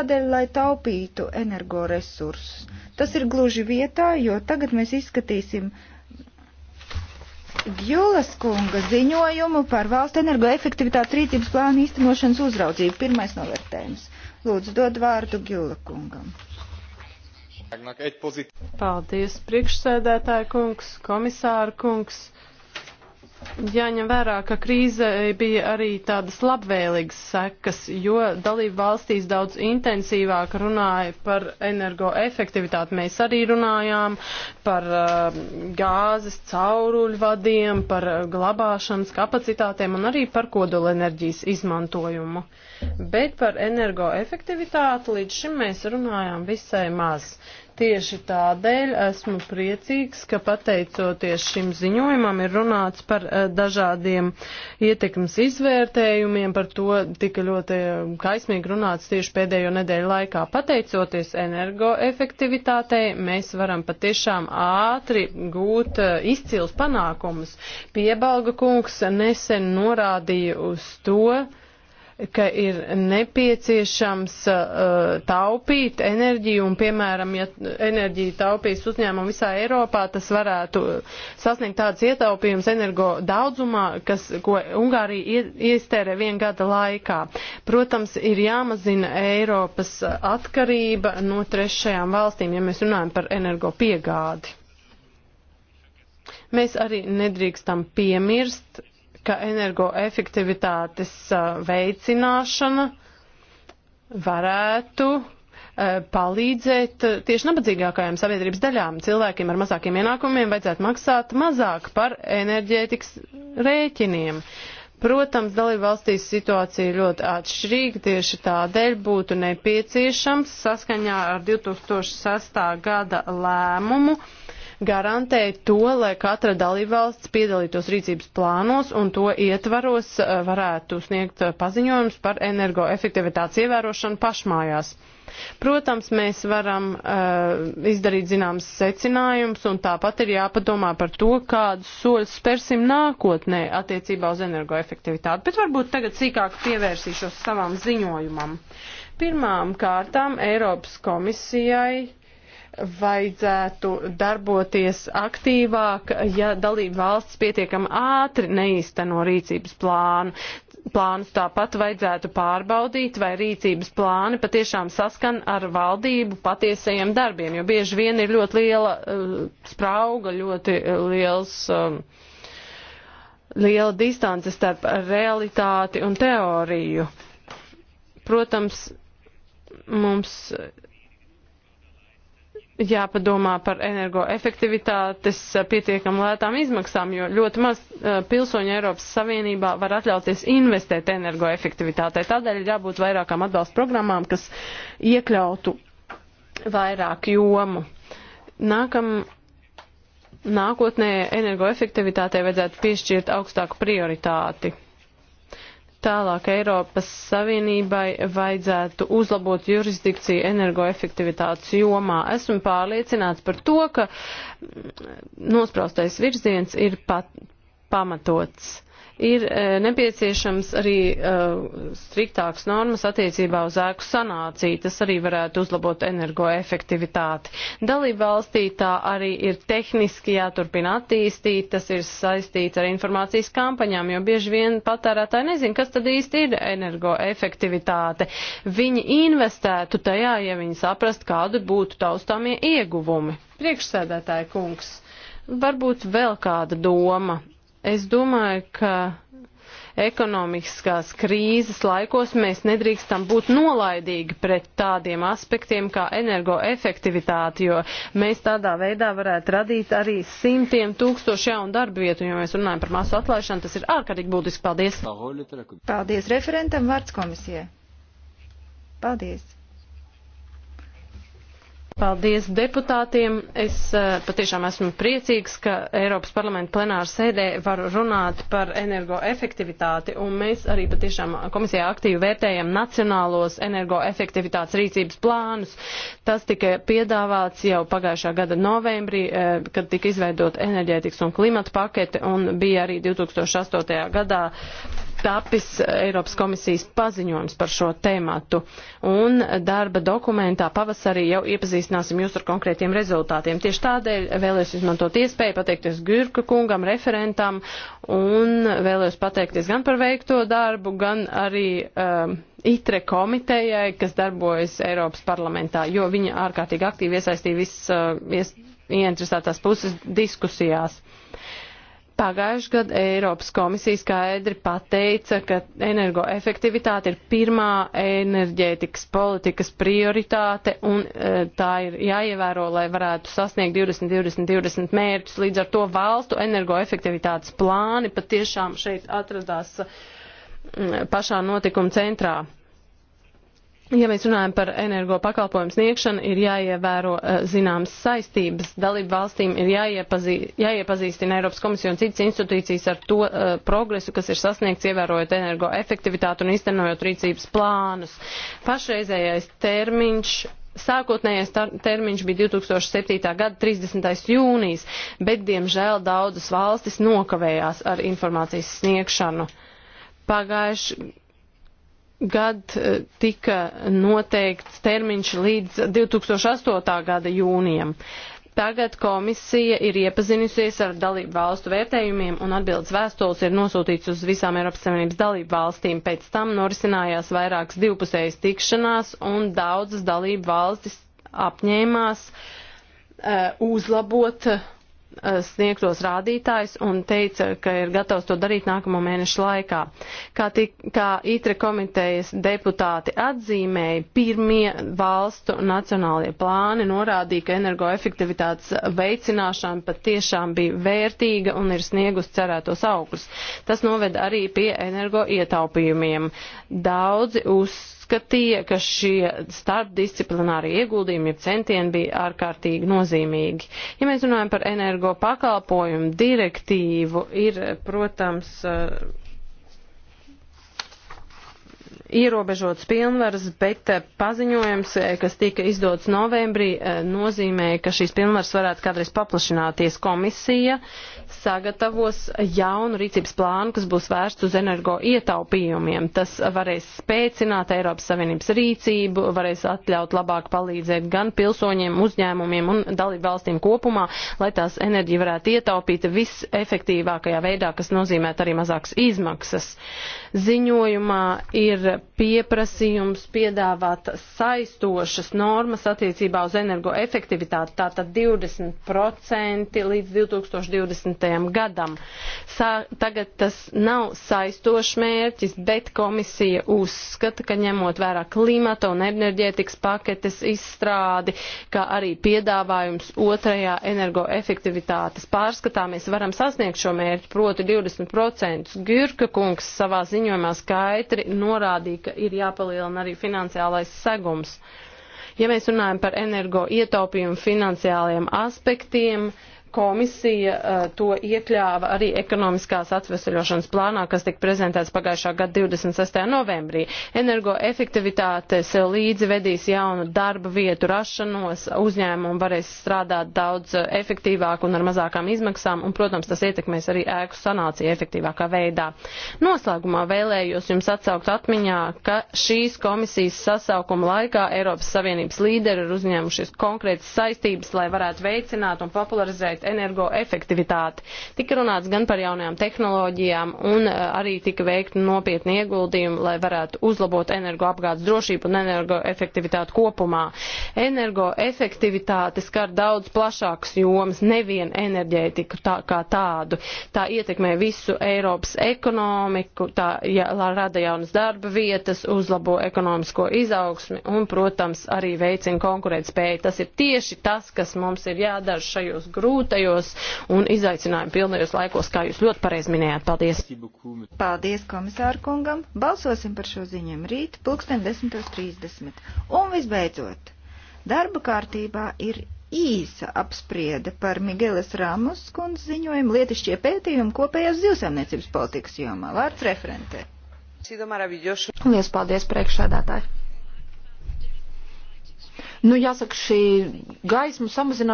tādēļ, lai taupītu energoresursus. Tas ir gluži vietā, jo tagad mēs izskatīsim Gjulas kunga ziņojumu par valsts energoefektivitātes rīcības plānu īstenošanas uzraudzību. Pirmais novērtējums. Lūdzu, dod vārdu Gjula kungam. Paldies, priekšsēdētāja kungs, komisāra kungs jāņem vērā, ka krīze bija arī tādas labvēlīgas sekas, jo dalību valstīs daudz intensīvāk runāja par energoefektivitāti. Mēs arī runājām par uh, gāzes cauruļvadiem, par glabāšanas kapacitātēm un arī par kodolenerģijas izmantojumu. Bet par energoefektivitāti līdz šim mēs runājām visai maz. Tieši tādēļ esmu priecīgs, ka pateicoties šim ziņojumam ir runāts par eh, dažādiem ietekmes izvērtējumiem, par to tika ļoti eh, kaismīgi runāts tieši pēdējo nedēļu laikā. Pateicoties energoefektivitātei, mēs varam patiešām ātri gūt eh, izcils panākumus. Piebalga kungs nesen norādīja uz to, ka ir nepieciešams uh, taupīt enerģiju un, piemēram, ja enerģiju taupīs uzņēmumu visā Eiropā, tas varētu sasniegt tāds ietaupījums energo daudzumā, kas, ko Ungārija iestērē viena gada laikā. Protams, ir jāmazina Eiropas atkarība no trešajām valstīm, ja mēs runājam par energo piegādi. Mēs arī nedrīkstam piemirst, ka energoefektivitātes veicināšana varētu palīdzēt tieši nabadzīgākajām sabiedrības daļām. Cilvēkiem ar mazākiem ienākumiem vajadzētu maksāt mazāk par enerģētikas rēķiniem. Protams, dalībvalstīs situācija ļoti atšķirīga, tieši tādēļ būtu nepieciešams saskaņā ar 2006. gada lēmumu uh, garantēja to, lai katra dalībvalsts piedalītos rīcības plānos un to ietvaros eh, varētu sniegt eh, paziņojums par energoefektivitātes ievērošanu pašmājās. Protams, mēs varam uh, izdarīt zināmas secinājumus, un tāpat ir jāpadomā par to, kādus soļus spērsim nākotnē attiecībā uz energoefektivitāti. Bet varbūt tagad sīkāk pievērsīšos savam ziņojumam. Pirmām kārtām Eiropas komisijai vajadzētu darboties aktīvāk, ja dalība valsts pietiekam ātri neīsteno rīcības plānu. Plānus tāpat vajadzētu pārbaudīt, vai rīcības plāni patiešām saskan ar valdību patiesajiem darbiem, jo bieži vien ir ļoti liela uh, sprauga, ļoti eh, liels. Uh, liela distance starp realitāti un teoriju. Protams, mums jāpadomā par energoefektivitātes eh, pietiekam lētām izmaksām, jo ļoti maz eh, pilsoņu Eiropas Savienībā var atļauties investēt energoefektivitātei. Tādēļ ir jābūt vairākām atbalsta programmām, kas iekļautu vairāk jomu. Nākam, nākotnē energoefektivitātei vajadzētu piešķirt augstāku prioritāti. Tālāk Eiropas Savienībai vajadzētu uzlabot jurisdikciju energoefektivitātes jomā. Esmu pārliecināts par to, ka nospraustais virziens ir pat pamatots ir e, nepieciešams arī e, striktāks normas attiecībā uz ēku sanāciju. Tas arī varētu uzlabot energoefektivitāti. Dalība valstī tā arī ir tehniski jāturpina attīstīt, tas ir saistīts ar informācijas kampaņām, jo bieži vien patērētāji nezin, kas tad īsti ir energoefektivitāte. Viņi investētu tajā, ja viņi saprast, kādi būtu taustāmie ieguvumi. Priekšsēdētāja kungs varbūt vēl kāda doma. Es domāju, ka ekonomiskās krīzes laikos mēs nedrīkstam būt nolaidīgi pret tādiem aspektiem kā energoefektivitāte, jo mēs tādā veidā varētu radīt arī simtiem tūkstošu jaunu darbu vietu, jo mēs runājam par masu atlaišanu, tas ir ārkārtīgi būtiski. Paldies! Paldies referentam, vārds komisijai! Paldies! Paldies deputātiem. Es eh, patiešām esmu priecīgs, ka Eiropas parlamenta plenāra sēdē var runāt par energoefektivitāti, un mēs arī patiešām komisijā aktīvi vērtējam nacionālos energoefektivitātes rīcības plānus. Tas tika piedāvāts jau pagājušā gada novembrī, eh, kad tika izveidot enerģētikas un klimata pakete, un bija arī 2008. gadā tapis Eiropas komisijas paziņojums par šo tēmatu. Un darba dokumentā pavasarī jau iepazīstināsim jūs ar konkrētiem rezultātiem. Tieši tādēļ vēlēs izmantot iespēju pateikties Gürka kungam, referentam un vēlēs pateikties gan par veikto darbu, gan arī um, ITRE komitejai, kas darbojas Eiropas parlamentā, jo viņa ārkārtīgi aktīvi iesaistīja visas uh, ies, ieinteresētās puses diskusijās. Uh, Pagājuši gadu Eiropas komisija skaidri pateica, ka energoefektivitāte ir pirmā enerģētikas politikas prioritāte un e, tā ir jāievēro, lai varētu sasniegt 20-20-20 mērķus. Līdz ar to valstu energoefektivitātes plāni patiešām šeit atradās pašā notikuma centrā. Ja mēs runājam par energo pakalpojumu sniegšanu, ir jāievēro eh, zināmas saistības. Dalību valstīm ir jāiepazī, jāiepazīstina Eiropas komisija un citas institūcijas ar to uh, progresu, kas ir sasniegts, ievērojot energo efektivitātu un iztenojot rīcības plānus. Pašreizējais termiņš Sākotnējais termiņš bija 2007. gada 30. jūnijas, bet, diemžēl, daudzas valstis nokavējās ar informācijas sniegšanu. Pagājuši gad e, tika noteikts termiņš līdz 2008. gada jūnijam. Tagad komisija ir iepazinusies ar dalību valstu vērtējumiem un atbildes vēstules ir nosūtīts uz visām Eiropas Savienības dalību valstīm. Pēc tam norisinājās vairākas divpusējas tikšanās un daudzas dalību valstis apņēmās uh, uzlabot uh, Eh, sniegtos rādītājs un teica, ka ir gatavs to darīt nākamo mēnešu laikā. Kā, tik, kā ITRE komitejas deputāti atzīmēja, pirmie valstu nacionālie plāni norādīja, ka energoefektivitātes veicināšana patiešām bija vērtīga un ir sniegus cerētos augļus. Tas noved arī pie energo ietaupījumiem. Daudzi uz uzskatīja, ka šie starpdisciplinārie ieguldījumi, jeb centieni bija ārkārtīgi nozīmīgi. Ja mēs runājam par energo pakalpojumu direktīvu, ir, protams, ierobežots pilnvaras, bet eh, paziņojums, eh, kas tika izdots novembrī, eh, nozīmē, ka šīs pilnvaras varētu kādreiz paplašināties. Komisija sagatavos jaunu rīcības plānu, kas būs vērsts uz energo ietaupījumiem. Tas varēs spēcināt Eiropas Savienības rīcību, varēs atļaut labāk palīdzēt gan pilsoņiem, uzņēmumiem un dalību valstīm kopumā, lai tās enerģija varētu ietaupīt visefektīvākajā veidā, kas nozīmē arī mazākas izmaksas. Ziņojumā ir pieprasījums piedāvāt saistošas normas attiecībā uz energoefektivitāti, tātad 20% līdz 2020. gadam. Sā, tagad tas nav saistošs mērķis, bet komisija uzskata, ka ņemot vērā klimata un enerģētikas paketes izstrādi, kā arī piedāvājums otrajā energoefektivitātes pārskatā, mēs varam sasniegt šo mērķi, proti 20%. Gürka kungs savā ziņojumā skaitri norādīja, norādīja, ka ir jāpalielina arī finansiālais segums. Ja mēs runājam par energo ietaupījumu finansiāliem aspektiem, uh, Komisija uh, to iekļāva arī ekonomiskās atvesaļošanas plānā, kas tika prezentēts pagājušā gada 26. novembrī. Energoefektivitātes līdzi vedīs jaunu darba vietu rašanos, uzņēmumu varēs strādāt daudz efektīvāk un ar mazākām izmaksām, un, protams, tas ietekmēs arī ēku sanāciju efektīvākā veidā. Noslēgumā vēlējos jums atsaukt atmiņā, ka šīs komisijas sasaukuma laikā Eiropas Savienības līderi ir uzņēmušies konkrētas saistības, lai varētu veicināt un popularizēt uzlabojot energoefektivitāti. Tika runāts gan par jaunajām tehnoloģijām, un eh, arī tika veikti nopietni ieguldījumi, lai varētu uzlabot energoapgādes drošību un energoefektivitāti kopumā. Energoefektivitāte skar daudz plašākas jomas, nevien enerģētiku tā, kā tādu. Tā ietekmē visu Eiropas ekonomiku, tā ja, rada jaunas darba vietas, uzlabo ekonomisko izaugsmi un, protams, arī veicina konkurētspēju. Tas ir tieši tas, kas mums ir jādara šajos grūtajos grūtajos un izaicinājumu pilnajos laikos, kā jūs ļoti pareizi minējāt. Paldies! Paldies komisāru kungam! Balsosim par šo ziņojumu rīt, pulksten 10.30. Un visbeidzot, darba kārtībā ir īsa apspriede par Migeles Rāmas kundzes ziņojumu lietišķie pētījumi kopējās zivsēmniecības politikas jomā. Vārds referentē. Lies paldies priekšsēdētāji. Nu, jāsaka, šī gaismu samazināšana.